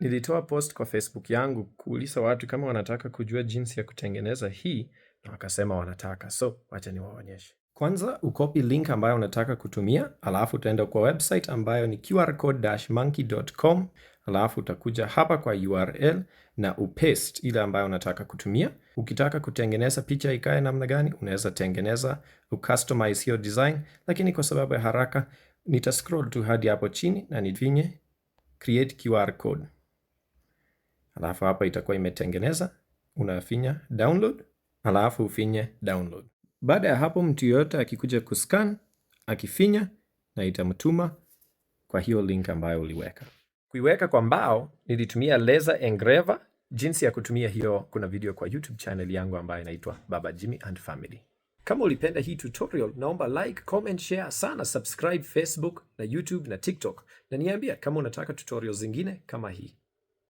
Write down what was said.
Nilitoa post kwa Facebook yangu kuuliza watu kama wanataka kujua jinsi ya kutengeneza hii na wakasema wanataka, so wacha niwaonyeshe. Kwanza ukopi link ambayo unataka kutumia, alafu utaenda kwa website ambayo ni qrcode-monkey.com, alafu utakuja hapa kwa URL na upaste ile ambayo unataka kutumia. Ukitaka kutengeneza picha ikae namna gani, unaweza tengeneza ucustomize hiyo design, lakini kwa sababu ya haraka nitascroll tu hadi hapo chini na nivinye create QR code. Alafu hapa itakuwa imetengeneza, unafinya download, alafu ufinye download. Baada ya hapo, mtu yoyote akikuja kuscan akifinya, na itamtuma kwa hiyo link ambayo uliweka. Kuiweka kwa mbao nilitumia laser engraver. Jinsi ya kutumia hiyo, kuna video kwa YouTube channel yangu ambayo inaitwa Baba Jimmy and Family. Kama ulipenda hii tutorial, naomba like, comment, share sana, subscribe Facebook na YouTube na TikTok, na niambia kama unataka tutorial zingine kama hii.